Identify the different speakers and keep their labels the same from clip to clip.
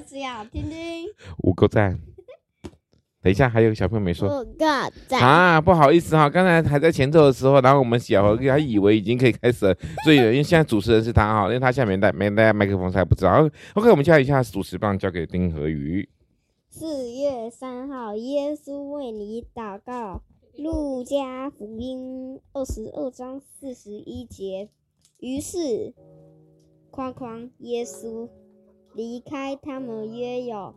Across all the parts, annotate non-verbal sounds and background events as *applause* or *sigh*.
Speaker 1: 只
Speaker 2: 要聽聽五個讚，等一下還有小朋友沒說五個讚啊，不好意思哈、哦，剛才還在前奏的時候，然後我們小朋友還以為已經可以開始了，所以因為現在主持人是他哈，因為他下面帶沒帶麥克風才不知道。OK，我們交一下主持棒交給丁和宇。
Speaker 1: 四月三號，耶穌為你禱告，路加福音二十二章四十一節。於是框框耶穌。離開他們約有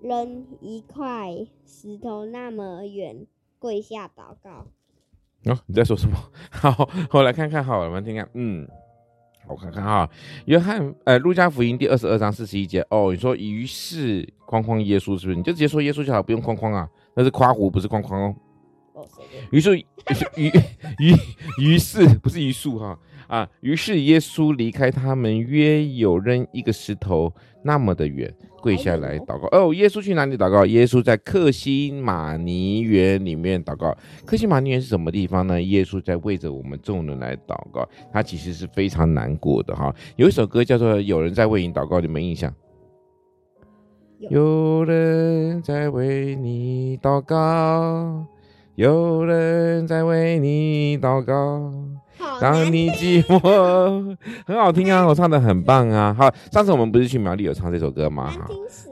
Speaker 1: 扔一塊石頭那麼遠，跪下禱告。
Speaker 2: 啊、哦，你在說什麼？好，我來看看，好了，我們聽看。嗯，好我看看啊，約翰，哎、呃，《路加福音》第二十二章四十一節。哦，你說於是框框耶穌是不是？你就直接說耶穌就好，不用框框啊，那是括弧，不是框框哦。於是，於於於於是不是耶穌哈啊？於是耶穌離開他們約有扔一個石頭那麼的遠，跪下來禱告。哦，耶穌去哪裡禱告？耶穌在客西馬尼園裡面禱告。客西馬尼園是什麼地方呢？耶穌在為着我們眾人來禱告，他其實是非常難過的哈。有一首歌叫做《有人在為你禱告》，你們印象？有人在為你禱告。有人在為你禱告。當你寂寞，很好聽啊！我唱的很棒啊！好，上次我們不是去苗栗有唱這首歌嗎？好，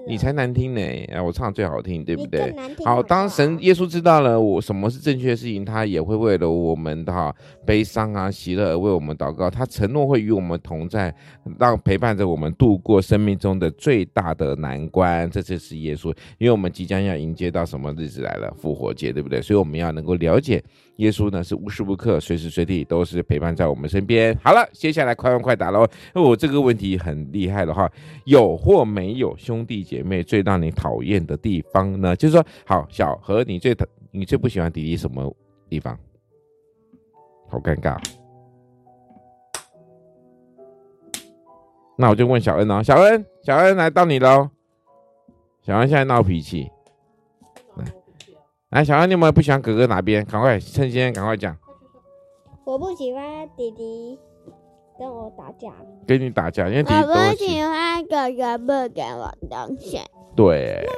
Speaker 2: 你才難聽呢！哎，我唱最好聽，對不對？好，當神耶穌知道了我什麼是正確的事情，他也會為了我們的悲傷啊、喜樂而為我們禱告。他承諾會與我們同在，讓陪伴着我們度過生命中的最大的難關。這次是耶穌，因為我們即將要迎接到什麼日子來了？復活節，對不對？所以我們要能夠了解耶穌呢，是無時無刻、隨時隨地都是陪。般在我們身邊。好了，接下來快問快答嘍。那我這個問題很厲害的話，有或沒有兄弟姐妹最讓你討厭的地方呢？就是說，好，小禾，你最你最不喜歡弟弟什麼地方？好尷尬。那我就問小恩呢、喔，小恩，小恩來到你嘍。小恩現在鬧脾氣。來，來，小恩，你有沒有不喜歡哥哥哪邊？趕快趁現在趕快講。
Speaker 1: 我不
Speaker 2: 喜歡弟弟跟我打架，跟你打架，
Speaker 1: 因為弟弟不喜歡哥哥不跟我東西。
Speaker 2: 對。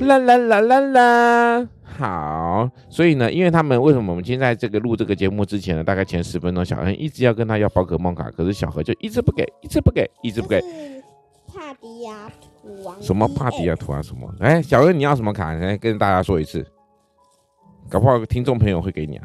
Speaker 2: 啦啦啦啦，啦啦啦啦，好，所以呢，因為他們為什麼我們現在這個錄這個節目之前呢？大概前十分鐘，小恩一直要跟他要寶可夢卡，可是小何就一直不給，一直不給，一直不給。帕迪亞土啊？什麼帕迪亞土啊？什麼？哎，小恩你要什麼卡？來跟大家說一次，搞不好聽眾朋友會給你啊。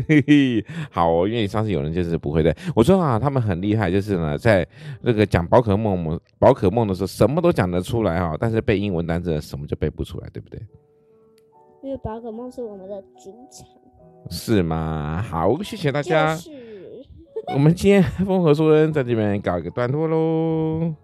Speaker 2: *laughs* 好、哦，因為上次有人就是不會的。我說啊，他們很厲害，就是呢，在那個講寶可夢，寶可夢的時候，什麼都講得出來啊、哦，但是背英文單詞，什麼就背不出來，對不對？因
Speaker 1: 為寶可夢是我們的主場。
Speaker 2: 是嗎？好，謝謝大家。就是、 *laughs* 我們今天豐禾碩恩在這邊搞一個段落嘍。